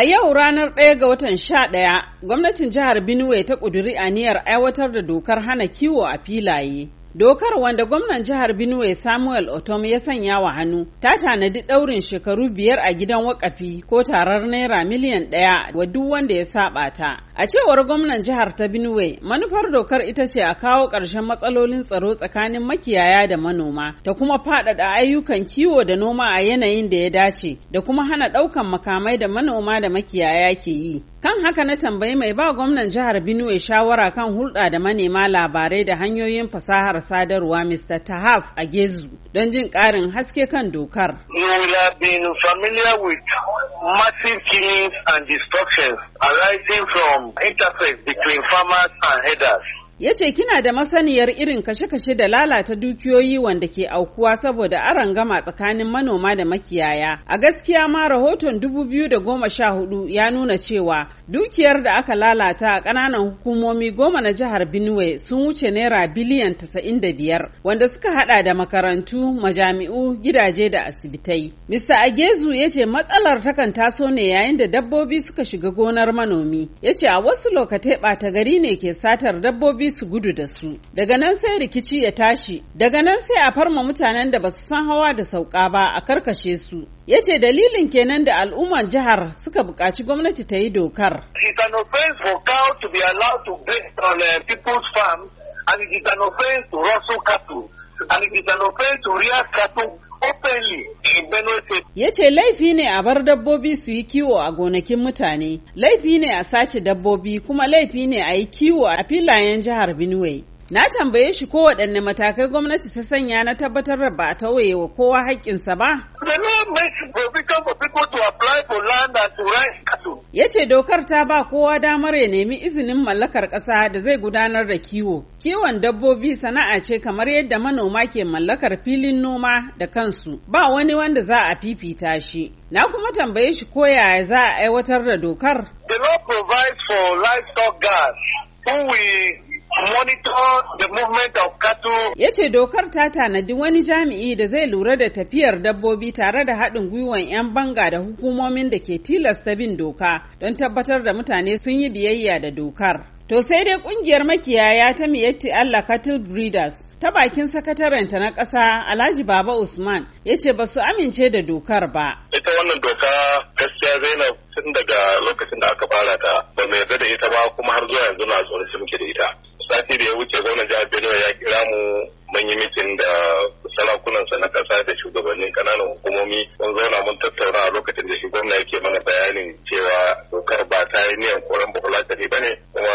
A yau ranar ɗaya ga watan sha ɗaya, gwamnatin jihar Benue ta ƙuduri aniyar aiwatar da dokar hana kiwo a filaye. Dokar wanda gwamnan jihar Benue Samuel Otom ya sanya wa hannu ta tanadi ɗaurin shekaru biyar a gidan wakafi ko tarar naira miliyan ɗaya wa duk wanda ya saba ta. A cewar gwamnan jihar ta Benue, manufar dokar ita ce a kawo ƙarshen matsalolin tsaro tsakanin makiyaya da manoma, ta kuma faɗaɗa ayyukan kiwo da noma a yanayin da ya dace, da kuma hana ɗaukan makamai da manoma da makiyaya ke yi. Kan haka na tambayi mai ba gwamnan jihar Benue shawara kan hulɗa da manema labarai da hanyoyin fasahar sadarwa Mr. Tahaf a Gezu don jin ƙarin haske kan dokar. You will have been massive killings and destructions arising from interface between farmers and herders. ya ce kina da masaniyar irin kashe-kashe da lalata dukiyoyi wanda ke aukuwa saboda gama tsakanin manoma da makiyaya a gaskiya ma rahoton 2014 ya nuna cewa dukiyar da aka lalata a ƙananan hukumomi goma na jihar benue sun wuce naira biliyan 95 wanda suka hada da makarantu majami'u gidaje da asibitai mr agezu ya ce matsalar takan taso ne yayin da dabbobi suka shiga gonar manomi ya ce a wasu lokatai ɓata gari ne ke satar dabbobi su gudu da su daga nan sai rikici ya tashi daga nan sai a farma mutanen da basu san hawa da sauka ba a karkashe su yace dalilin kenan da al'umman jihar suka buƙaci gwamnati ta yi dokar uh, And it is an offense to rustle cattle, and it is an offense to rear cattle Eh, ya ce laifi ne a bar dabbobi su yi kiwo a gonakin mutane, laifi ne a sace dabbobi kuma laifi ne a yi kiwo a filayen jihar Benue. Na tambaye shi ko waɗanne matakai gwamnati ta sanya na tabbatar da ba a tawaye wa kowa haƙƙinsa ba. The law makes provision for people to apply for land and ya ce dokar ta ba kowa damar ya nemi izinin mallakar ƙasa da zai gudanar da kiwo. Kiwon dabbobi sana'a ce kamar yadda manoma ke mallakar filin noma da kansu, ba wani wanda za a fifita shi. Na kuma tambaye shi ko yaya za a aiwatar da dokar. for livestock who we monitor the movement of Ya ce dokar ta tanadi wani jami'i da zai lura da tafiyar dabbobi tare da haɗin gwiwan 'yan banga da hukumomin da ke tilasta bin doka don tabbatar da mutane sun yi biyayya da dokar. To sai dai kungiyar makiyaya ta miyatti Allah Cattle Breeders ta bakin sakatarenta na ƙasa Alhaji Baba Usman ya ce ba su amince da dokar ba. Ita wannan doka gaskiya Zainab tun daga lokacin da aka fara ta ba mai da ita ba kuma har zuwa yanzu na tsoron muke da ita. wuce gwamnan jihar Benue ya kira mu mun yi mitin da sarakunansa na kasa da shugabannin kananan hukumomi mun zauna mun tattauna a lokacin da shi gwamna yake mana bayanin cewa dokar ba ta yi niyan koran bafulatani ba ne kuma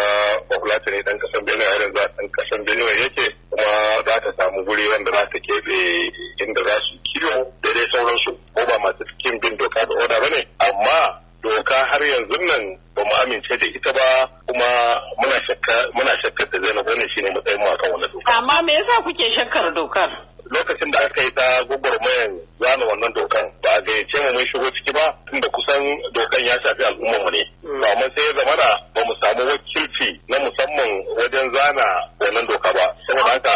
bafulatani dan kasan benue a yanzu dan kasan benue yake kuma za ta samu guri wanda za ta keɓe inda za su kiwo da dai sauransu ko ba masu cikin bin doka da oda ba ne amma doka har yanzu nan ba mu amince da ita ba kuma muna shakka shi ne matsayin mu akan wannan dokar. amma me yasa kuke shakkar dokar lokacin da aka yi ta gwagwarmayar zana wannan dokan ba a gayyace mu mun shigo ciki ba tunda kusan dokan ya shafi al'ummarmu ne to amma sai ya da ba mu samu wakilci na musamman wajen zana wannan doka ba saboda haka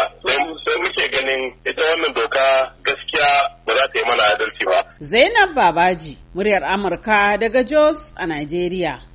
sai muke ganin ita wannan doka gaskiya ba za ta yi mana adalci ba Zainab Babaji, muryar Amurka daga Jos a Najeriya.